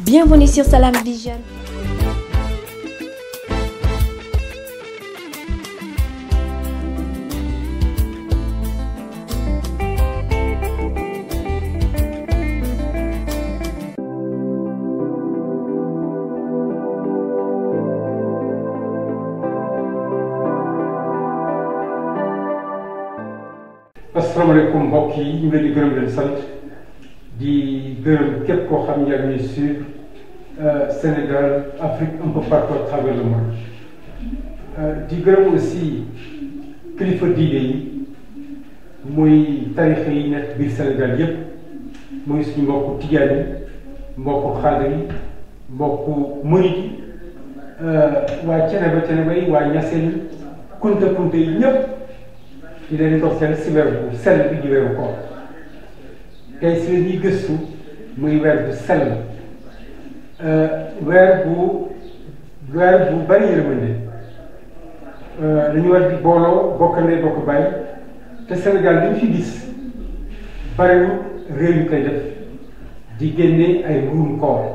Bienvenue sur Salam Vision. asalaamaaleykum mbokk yi ñu ngi leen di gërëm leen sant. di gërëm képp koo xam yaa ngi suivre euh, Sénégal Afrique un peu partout à travers le monde euh, di gërëm aussi kilifa diine yi muy tarixa yi nekk biir Sénégal yépp muy suñu mbokku tijaan yi mbokku xaadir yi mbokku murit yi euh, waa Ceneba Ceneba yi waa Ñaseen yi kunta kunta di si weer bu sell bi di weeru koor tey si la ñuy gëstu muy weer bu sell euh, weer bu weer bu bari yërmande euh, dañu war di booloo bokk ndey bokk baay te Sénégal li ñu fi gis bariwul réew yu koy def di génne ay mburum koor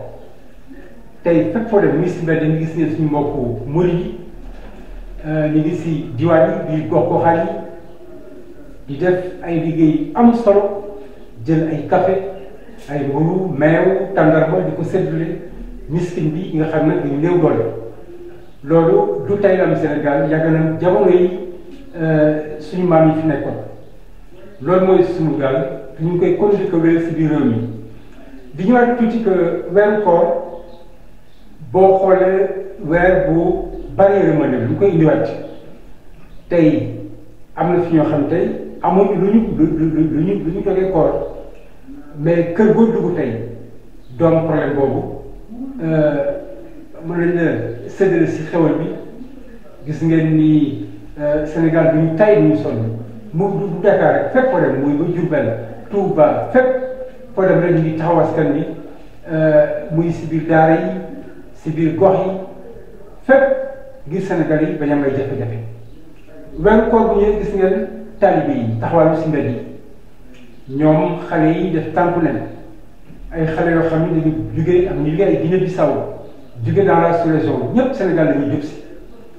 tey fépp foo dem ministre bi dañu gis ne suñu mbokku mur yi euh, ñu ngi si diwaan yi biir gox goxaan yi di def ay liggéey am solo jël ay café ay mburu meew tàndarma di ko séddale miskin bi nga xam ne dañu néew doole loolu du tey Sénégal yàgg na jamono yi euh, suñu maam yi fi nekkoon loolu mooy suñu gaal te ñu koy conjuguer si biir réew mi di ñëwaat tuuti que weeru koor boo xoolee weer bu bari yërmande lu koy indiwaat tey am na fi ñoo xam tey amoon lu ñu lu lu lu ñu lu ñu jógee koor mais kër boo dugg tey doom problème boobu euh, mën nañ la si xewal bi gis ngeen ni euh, Sénégal bi ñu tay ñu sonn mu du Dakar rek fépp foo dem muy ba Diourbel Touba fépp foo dem rek ñu ngi taxaw askan bi euh, muy si biir daara yi si biir gox yi fépp ngir Sénégal yi bañ a may jafe-jafe weeru koor bu ñëwee gis ngeen. taalibe yi taxawaayu si mbedd yi ñoom xale yi def tànku leen ay xale yoo xam ne dañu jugee am ñu jugee ay Guinée Bissau jugee dans la sous-région ñëpp Sénégal la ñuy jub si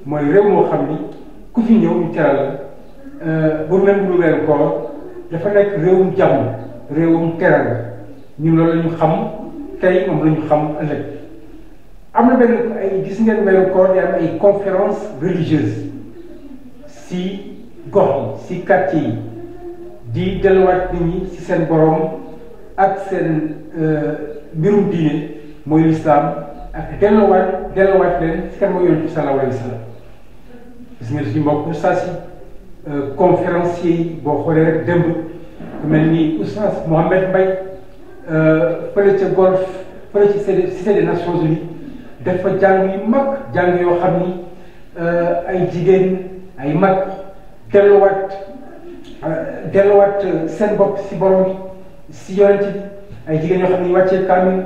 mooy réew moo xam ni ku fi ñëw ñu teral la euh, bu même bu weeru koor dafa nekk réewum jàmm réewum teral la ñun loolu la ñu xam tey moom la ñu xam ëllëg am na benn ay gis ngeen weeru koor di am ay conférence religieuse si gox si quartier yi di delluwaat nit ñi si seen borom ak seen euh, mbirum diine mooy lislaam ak delluwaat delluwaat leen si kan mooy yonent bi sallallahu alayhi wa sallam gis nga si mbokk oustaz yi euh, conférencier yi boo xoolee rek démb ku mel ni oustaz Mohamed Mbaye euh, fële ca golf fële ci cité des nations unies dafa jàng yu mag jàng yoo xam ni ay jigéen ay mag delluwaat euh, delluwaat euh, seen bopp si borom bi si yonent bi ay jigéen ñoo xam ne wàccee kaamil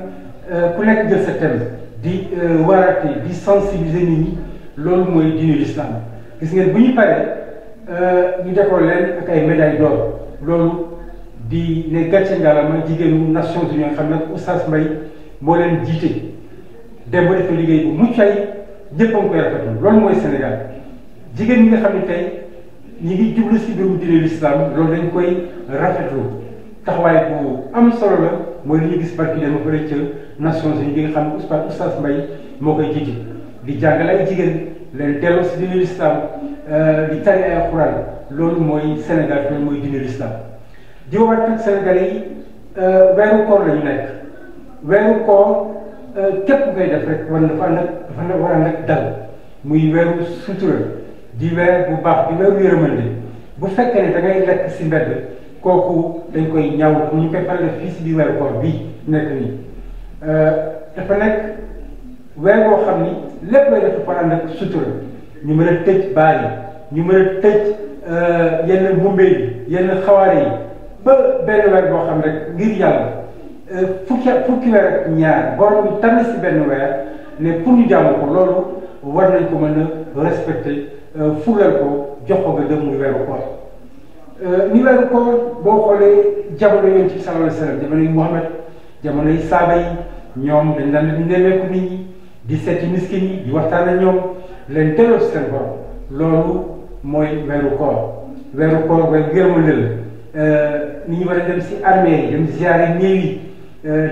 euh, ku nekk jël sa thème di waraate di sensibiliser nit ñi loolu mooy diine l'islam gis ngeen bu ñu paree ñu defoon leen ak ay médaille d'or loolu di ne gàcce ngaalama jigéenu Nations Unies xam ne Oustaz Mbaye moo leen jiite dem ba def liggéey bu mucc ay ñëpp a ngi koy rafetlu loolu mooy Sénégal jigéen ñi nga xam ne tey ñi ngi jublu si biiru diine l'islam loolu dañ koy rafetlu taxawaay bu am solo la mooy li ñu gis barki dama fële yi Nations nga xam ne Oustaz Mbaye moo koy jiite di jàngale ay jigéen leen delloo si diine l'islam euh, di tari ay alxuraan loolu mooy Sénégal loolu mooy diine l'islam di waxaat ak Sénégalais yi euh, weeru koor la ñu nekk weeru koor euh, képp ngay def war na war a ànd muy weeru sutura di weer bu baax di weeru yërmande bu fekkee ne da ngay lekk si mbedd kooku dañ koy ñaw ñu koy faral fii si biir weeru koor bii nekk nii euh, dafa nekk weer boo xam ni lépp lay def par ànd ñu mën a tëj baal yi ñu mën a tëj euh, yenn mbumbe yi yenn xawaare bë benn weer boo xam rek ngir yàlla euh, fukki fukki weer ak ñaar borom bi benn weer ne pour ñu jàmm ko loolu war nañ ko mën a Euh, fulal ko jox ko nga dem muy weeru koor euh, ni weeru koor boo xoolee jamono yoon ci sallallahu alayhi wa sallam jamono yi Muhammad jamono yi saaba yi ñoom dañ daan di nemmeeku nit ñi di seeti miskin yi di waxtaan ak ñoom leen delloo ci seen borom loolu mooy weeru koor weeru koor way gërëma lël euh, ni ñu war a dem si armée yi dem ziare néew yi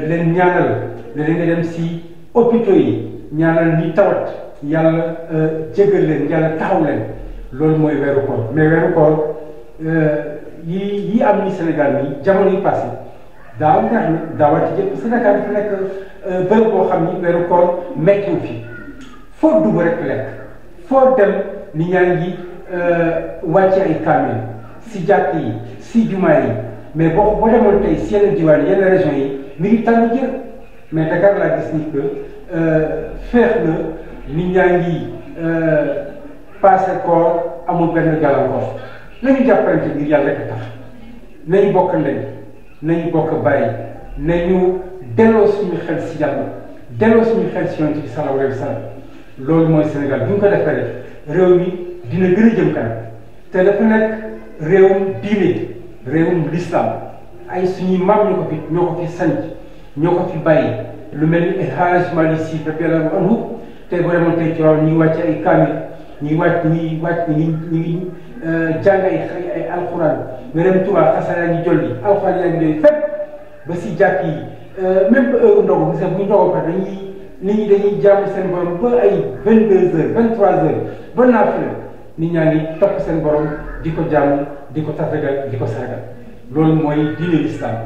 leen ñaanal leen nga dem si hôpitaux yi ñaanal ñi tawat yàlla euh, jégal leen yàlla taxaw leen loolu mooy weeru koor mais weeru koor euh, yi yi am ni Sénégal nii jamono yi passé daaw neex na daawaa ci jël parce que Dakar dafa nekk euh, bërëb boo xam ni weeru koor méttiwu fi foo dugg lekk foo dem ni ñaa yi wàcce ay kaamil si jàkk yi si jumaa yi mais boo boo demoon tey si yenn diwaan yenn région yi mi ngi tànn jër mais Dakar laa gis ni que nit ñaa ngi euh, passé koor amul benn gàllankoor nañu jàppante ngir yàlla rek tax nañu bokk ndey nañu bokk bàyyi nañu delloo suñu xel si yàlla delloo suñu xel si yonent bi sallallahu alayhi wa sallam loolu mooy Sénégal bu ñu ko defee réew mi dina gën a jëm kanam te dafa nekk réewum diine réewum lislaam ay suñuy maam ñoo ko fi ñoo ko fi sanc ñoo ko fi bàyyi lu mel ni El Hadj Malick Sy tey boo demoon tey Tiwaawan ñuy wàcc ay kaamil ñuy wàcc ñuy wàcc euh, ay ay alxuraan nga dem Tuubaa xasara ñu jolli alxuraan yaa ngi doy fépp ba si jàkk yi euh, même ba heure ndogu bu sax ni ñu ndogoo pare dañuy nit ñi dañuy jaamu borom ba ay vingt deux heures vingt trois heures ba naafila ni ñaa ngi topp seen borom di ko jaamu di ko tatagal di ko sargal loolu mooy diine lislaam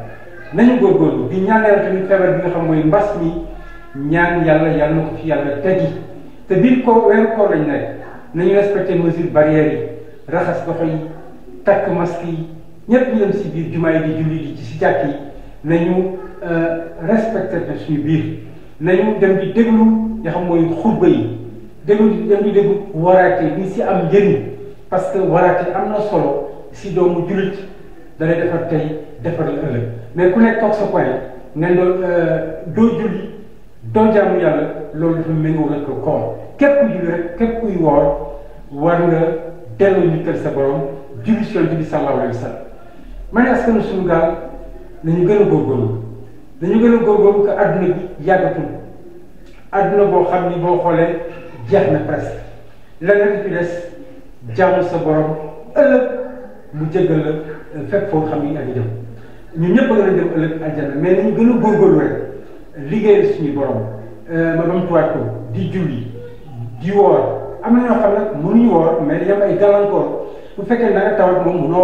nañu góorgóorlu di ñaanal tamit feebar bi nga mooy mbas mi ñaan yàlla yàlla na ko fi yàlla teggi te biir koor weeru koor lañ nekk nañu respecté mesures barrières yi raxas loxo yi takk masque yi ñépp ñu si biir jumaa yi di julli di si jàkk yi nañu euh, respecte suñu biir nañu dem di déglu nga xam mooy xutba yi déglu dem di déglu waraate ni si am njëriñ parce que waraate am na solo si doomu jullit da lay defar tey defar la ëllëg mais ku nekk toog sa point ne doo euh, doo julli doo jaamu yàlla loolu dafa méngoo ko koom képp kuy julli rek képp woor war nga delloo ñu tël sa borom julli ci yonent bi sallallahu alayhi wa sallam ma ne askanu suñu gaal nañu gën a góorgóorlu dañu gën a góorgóorlu que adduna bi yàggatul boo xam ni boo xoolee jeex na presque lan la fi des jaamu sa borom mu jéggal la foo xam ni ak jëm ñun ñëpp a gën a jëm ëllëg aljana mais nañu gën a góorgóorlu liggéeyal suñu borom euh, ma doon tuwaat di julli di woor am na ñoo xam nag mënuñu woor mais yam ay gàllankoor bu fekkee na nga tawat moom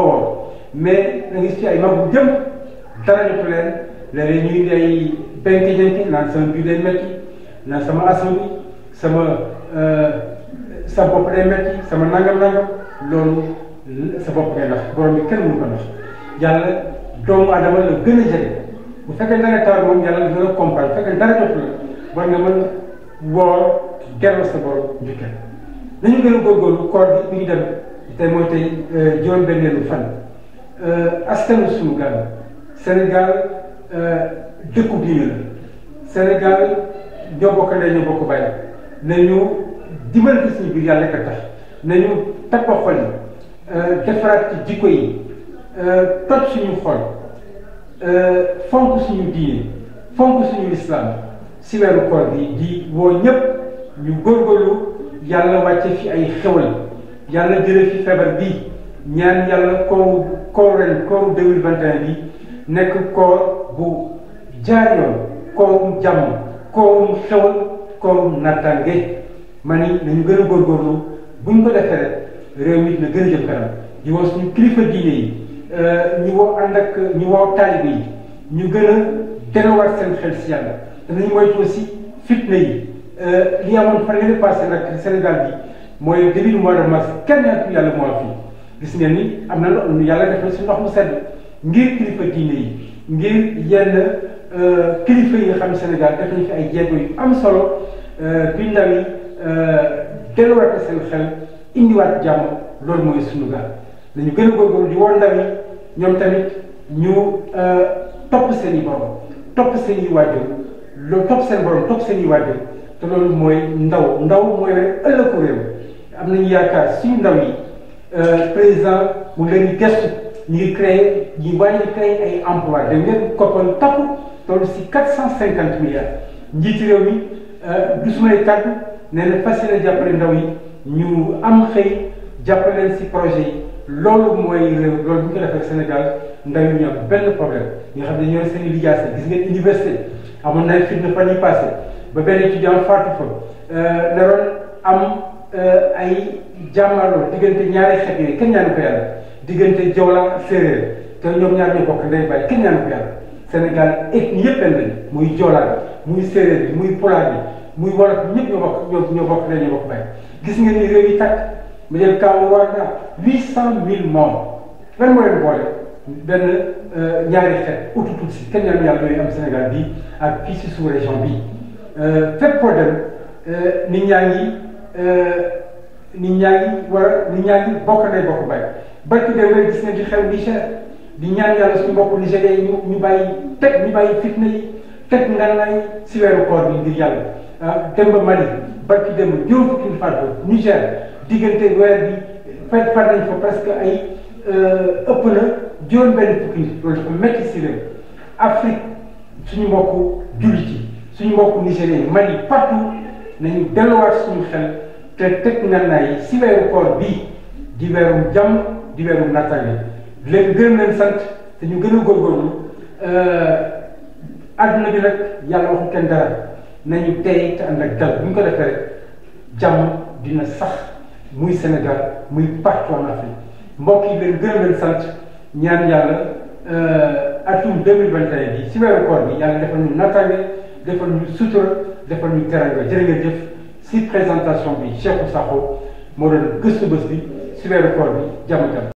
mais da nga ci ay mag bu jëm dara jotu leen léeg-léeg ñu ngi day benki jenki naan sama biir day sama asam sama euh, sa bopp day métti sama nangam-nangam loolu sa bopp ngay nax borom adama la gën a bu fekkee nawet taw moom yàlla dina la compagne bu fekkee dara jotul la war nga mën woor dellu sa borom nañu gën a góorgóorlu koor bi ngi dem te mooy tey euh, juróom-benneelu fan euh, askanu suñu gàll Sénégal euh, dëkku diine la Sénégal ñoo bokk ndey ñoo bokk bàyyi nañu dimbali ko suñu biir yàlla ka tax nañu tappa xol yi defaraat ci jikko yi toj suñu xol Euh, fonk suñu diine fonk suñu lislaam si koor bi di woo ñépp ñu góorgóorlu yàlla wàcce fi ay xewal yàlla jële fi feebar bi ñaan yàlla kooru kooru ren kooru 2021 bi nekk koor bu jaar yoon koorum jàmm koorum xewal koorum nattange ma ni nañu gën a góorgóorlu buñ ko defee rek réew mi dina gën a jëm kanam di woo suñu kilifa diine yi Euh, ñi woo ànd ak ñi woo taalibe yi ñu gën a delluwaat seen xel si yàlla danañ moytu aussi fitna yi euh, li amoon fan yële passé nag Sénégal bi mooy début du mois de mars kenn ku yàlla moo am fii gis ngeen ni am na lu yàlla def na si mu sedd ngir kilifa diine yi ngir yenn euh, kilifa yi nga xam Sénégal def nañ fi ay jéego yu am solo biñ la ni delluwaat seen xel indiwaat jàmm loolu mooy sunu gaal. dañu gën a góorgóorlu di war ndaw yi ñoom tamit ñu euh, topp seen i borom topp seen i waajur loolu topp seen borom topp seen i waajur te loolu mooy ndaw ndaw mooy ëllëgu réew am nañu yaakaar suñu ndaw yi euh, président mu leen di gëstu ñu ngi créé ñu wàññi créé ay emploi da ngeen koppal topp toll si quatre cent cinquante milliards njiiti réew mi euh, du su kàddu nee na fas yéene jàppale ndaw yi ñu am xëy jàpp leen si projet loolu mooy réew loolu bu ñu ko defee Sénégal ndaw yi ñu am benn problème nga xam ne ñoo seen i liggéey gis ngeen université amoon na fitna fan yii passé ba benn étudiant fat fa euh, naroon am euh, ay jàmmarloo diggante ñaari xeet yooyu kenn ñaanu ko yàlla diggante Joola séeréer te ñoom ñaar ñoo bokk ndey bàyyi kenn ñaanu ko yàlla Sénégal ethnie yëpp lañ muy Joola bi muy séeréer bi muy pulaar muy wolof bi ñëpp ñoo ñoo ñoo bokk ndey ñoo bokk gis ngeen ni réew yi tàkk. mu jël kaw war a def huit cent mille membres moo leen boole benn euh, ñaari xeet ututul si kenn ñaari yàlla yooyu am Sénégal bi ak fii si sous région bi euh, fépp koo dem euh, nit ñaa ngi nit ñaa ngi war a nit ñaa ngi bokk nay bokk bay di xew Niger di ñaan yàlla suñu mbokku Niger yi ñu ñu bàyyi teg ñu bàyyi fitna yi teg ngànnaay si weeru koor bi ngir yàlla ah démb Mali barki démb juróom fukki fan Niger diggante weer bi fay far nañ fa que ay euh, ëpp na juróom-benn fukki nit loolu dafa métti si réew Afrique suñu mbokku jullit yi suñu mbokku nigérien Mali partout nañu delluwaat suñu xel te teg ngànnaay yi si weeru koor bii di weeru jàmm di weeru nattaange leen gërëm leen sant te ñu gën a góorgóorlu euh, àdduna bi nag yàlla waxu kenn dara nañu tey te ànd dal bu ko defee rek jàmm dina sax. muy Sénégal muy partout en Afrique mbokk yi leen gërëm leen sant ñaan yàlla euh, atum deux mille vingt et un bi ci weeru koor bi yàlla defal ñu nattaange defal ñu sutura defal présentation bi Cheikhou Sakho moo doon gëstu bés bi ci weeru koor bi jàmm